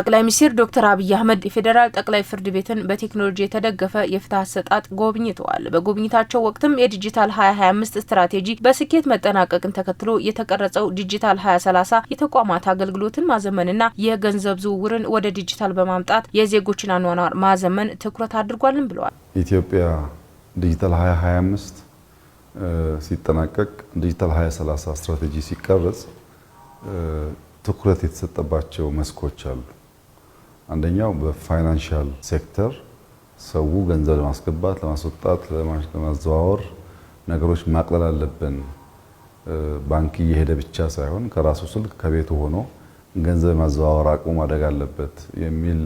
ጠቅላይ ሚኒስትር ዶክተር አብይ አህመድ የፌዴራል ጠቅላይ ፍርድ ቤትን በቴክኖሎጂ የተደገፈ የፍትህ አሰጣጥ ጎብኝተዋል። በጉብኝታቸው ወቅትም የዲጂታል 2025 ስትራቴጂ በስኬት መጠናቀቅን ተከትሎ የተቀረጸው ዲጂታል 2030 የተቋማት አገልግሎትን ማዘመንና የገንዘብ ዝውውርን ወደ ዲጂታል በማምጣት የዜጎችን አኗኗር ማዘመን ትኩረት አድርጓልን ብለዋል። ኢትዮጵያ ዲጂታል 2025 ሲጠናቀቅ ዲጂታል 2030 ስትራቴጂ ሲቀረጽ ትኩረት የተሰጠባቸው መስኮች አሉ። አንደኛው በፋይናንሻል ሴክተር ሰው ገንዘብ ለማስገባት፣ ለማስወጣት፣ ለማዘዋወር ነገሮች ማቅለል አለብን። ባንክ እየሄደ ብቻ ሳይሆን ከራሱ ስልክ ከቤቱ ሆኖ ገንዘብ ማዘዋወር አቅሙ ማደግ አለበት የሚል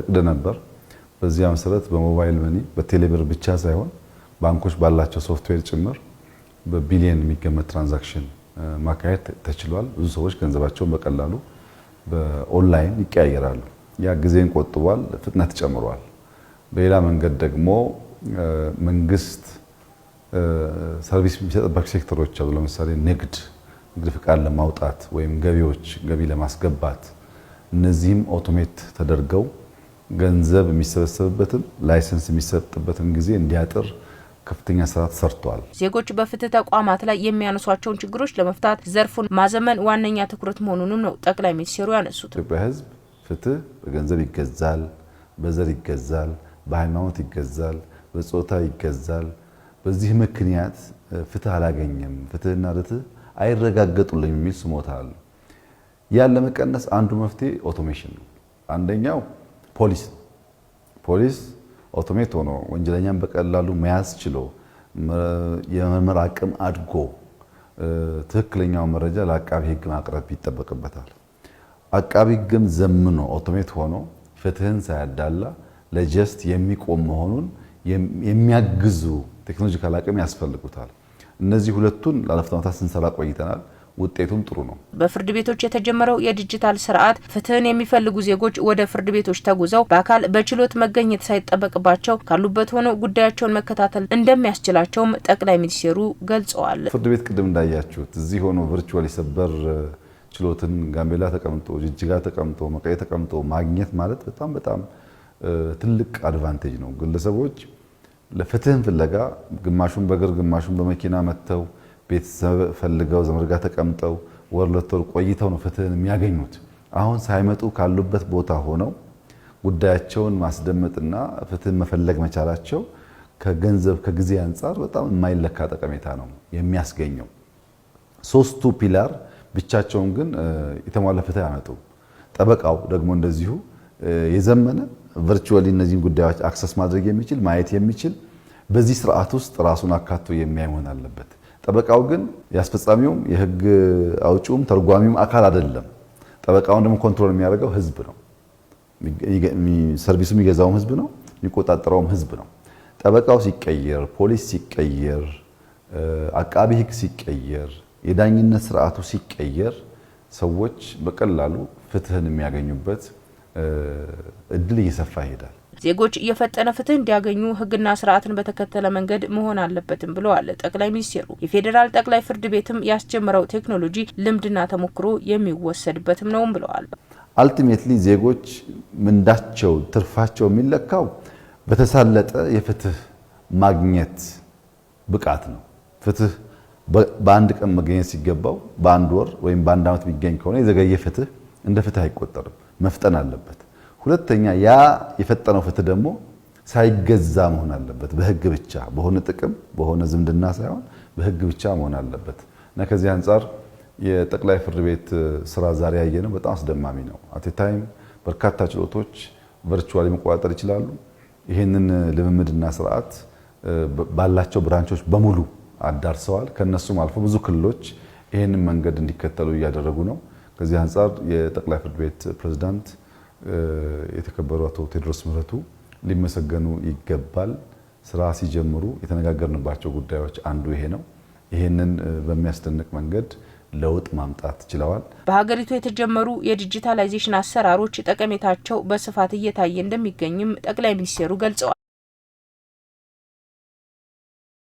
እቅድ ነበር። በዚያ መሰረት በሞባይል መኒ በቴሌብር ብቻ ሳይሆን ባንኮች ባላቸው ሶፍትዌር ጭምር በቢሊየን የሚገመት ትራንዛክሽን ማካሄድ ተችሏል። ብዙ ሰዎች ገንዘባቸውን በቀላሉ በኦንላይን ይቀያየራሉ። ያ ጊዜን ቆጥቧል፣ ፍጥነት ጨምሯል። በሌላ መንገድ ደግሞ መንግስት ሰርቪስ የሚሰጥባቸው ሴክተሮች አሉ። ለምሳሌ ንግድ ንግድ ፍቃድ ለማውጣት ወይም ገቢዎች ገቢ ለማስገባት እነዚህም ኦቶሜት ተደርገው ገንዘብ የሚሰበሰብበትን ላይሰንስ የሚሰጥበትን ጊዜ እንዲያጥር ከፍተኛ ስራ ተሰርቷል። ዜጎች በፍትህ ተቋማት ላይ የሚያነሷቸውን ችግሮች ለመፍታት ዘርፉን ማዘመን ዋነኛ ትኩረት መሆኑንም ነው ጠቅላይ ሚኒስትሩ ያነሱት። ኢትዮጵያ ህዝብ ፍትህ በገንዘብ ይገዛል፣ በዘር ይገዛል፣ በሃይማኖት ይገዛል፣ በጾታ ይገዛል። በዚህ ምክንያት ፍትህ አላገኘም፣ ፍትህና ርትህ አይረጋገጡልኝ የሚል ስሞታ አለ። ያን ለመቀነስ አንዱ መፍትሄ ኦቶሜሽን ነው። አንደኛው ፖሊስ ነው። ፖሊስ ኦቶሜት ሆኖ ወንጀለኛን በቀላሉ መያዝ ችሎ የመመርመር አቅም አድጎ ትክክለኛውን መረጃ ለአቃቢ ህግ ማቅረብ ይጠበቅበታል። አቃቢ ሕግም ዘምኖ ኦቶሜት ሆኖ ፍትህን ሳያዳላ ለጀስት የሚቆም መሆኑን የሚያግዙ ቴክኖሎጂካል አቅም ያስፈልጉታል። እነዚህ ሁለቱን ላለፉት ዓመታት ስንሰራ ቆይተናል። ውጤቱም ጥሩ ነው። በፍርድ ቤቶች የተጀመረው የዲጂታል ስርዓት ፍትህን የሚፈልጉ ዜጎች ወደ ፍርድ ቤቶች ተጉዘው በአካል በችሎት መገኘት ሳይጠበቅባቸው ካሉበት ሆነው ጉዳያቸውን መከታተል እንደሚያስችላቸውም ጠቅላይ ሚኒስትሩ ገልጸዋል። ፍርድ ቤት ቅድም እንዳያችሁት እዚህ ሆኖ ቨርቹዋል የሰበር ችሎትን ጋምቤላ ተቀምጦ፣ ጅጅጋ ተቀምጦ፣ መቀሌ ተቀምጦ ማግኘት ማለት በጣም በጣም ትልቅ አድቫንቴጅ ነው። ግለሰቦች ለፍትህን ፍለጋ ግማሹን በእግር ግማሹን በመኪና መጥተው ቤተሰብ ፈልገው ዘመድ ጋር ተቀምጠው ወር ቆይተው ነው ፍትህን የሚያገኙት። አሁን ሳይመጡ ካሉበት ቦታ ሆነው ጉዳያቸውን ማስደመጥና ፍትህን መፈለግ መቻላቸው ከገንዘብ ከጊዜ አንጻር በጣም የማይለካ ጠቀሜታ ነው የሚያስገኘው ሶስቱ ፒላር ብቻቸውን ግን የተሟላ ፍትህ አያመጡም። ጠበቃው ደግሞ እንደዚሁ የዘመነ ቨርቹዋሊ እነዚህን ጉዳዮች አክሰስ ማድረግ የሚችል ማየት የሚችል በዚህ ስርዓት ውስጥ ራሱን አካቶ የሚያይ መሆን አለበት። ጠበቃው ግን የአስፈጻሚውም የህግ አውጪውም ተርጓሚውም አካል አይደለም። ጠበቃውን ደግሞ ኮንትሮል የሚያደርገው ህዝብ ነው። ሰርቪሱ የሚገዛውም ህዝብ ነው፣ የሚቆጣጠረውም ህዝብ ነው። ጠበቃው ሲቀየር፣ ፖሊስ ሲቀየር፣ አቃቢ ህግ ሲቀየር የዳኝነት ስርዓቱ ሲቀየር ሰዎች በቀላሉ ፍትህን የሚያገኙበት እድል እየሰፋ ይሄዳል። ዜጎች እየፈጠነ ፍትህ እንዲያገኙ ህግና ስርዓትን በተከተለ መንገድ መሆን አለበትም ብለዋል ጠቅላይ ሚኒስትሩ። የፌዴራል ጠቅላይ ፍርድ ቤትም ያስጀመረው ቴክኖሎጂ ልምድና ተሞክሮ የሚወሰድበትም ነውም ብለዋል። አልቲሜትሊ ዜጎች ምንዳቸው፣ ትርፋቸው የሚለካው በተሳለጠ የፍትህ ማግኘት ብቃት ነው። ፍትህ በአንድ ቀን መገኘት ሲገባው በአንድ ወር ወይም በአንድ ዓመት የሚገኝ ከሆነ የዘገየ ፍትህ እንደ ፍትህ አይቆጠርም። መፍጠን አለበት። ሁለተኛ ያ የፈጠነው ፍትህ ደግሞ ሳይገዛ መሆን አለበት። በህግ ብቻ በሆነ ጥቅም በሆነ ዝምድና ሳይሆን በህግ ብቻ መሆን አለበት እና ከዚህ አንጻር የጠቅላይ ፍርድ ቤት ስራ ዛሬ ያየነው በጣም አስደማሚ ነው። አቴ ታይም በርካታ ችሎቶች ቨርቹዋሊ መቆጣጠር ይችላሉ። ይህንን ልምምድና ስርዓት ባላቸው ብራንቾች በሙሉ አዳርሰዋል። ከነሱም አልፎ ብዙ ክልሎች ይህንን መንገድ እንዲከተሉ እያደረጉ ነው። ከዚህ አንጻር የጠቅላይ ፍርድ ቤት ፕሬዝዳንት የተከበሩ አቶ ቴዎድሮስ ምህረቱ ሊመሰገኑ ይገባል። ስራ ሲጀምሩ የተነጋገርንባቸው ጉዳዮች አንዱ ይሄ ነው። ይህንን በሚያስደንቅ መንገድ ለውጥ ማምጣት ችለዋል። በሀገሪቱ የተጀመሩ የዲጂታላይዜሽን አሰራሮች ጠቀሜታቸው በስፋት እየታየ እንደሚገኝም ጠቅላይ ሚኒስትሩ ገልጸዋል።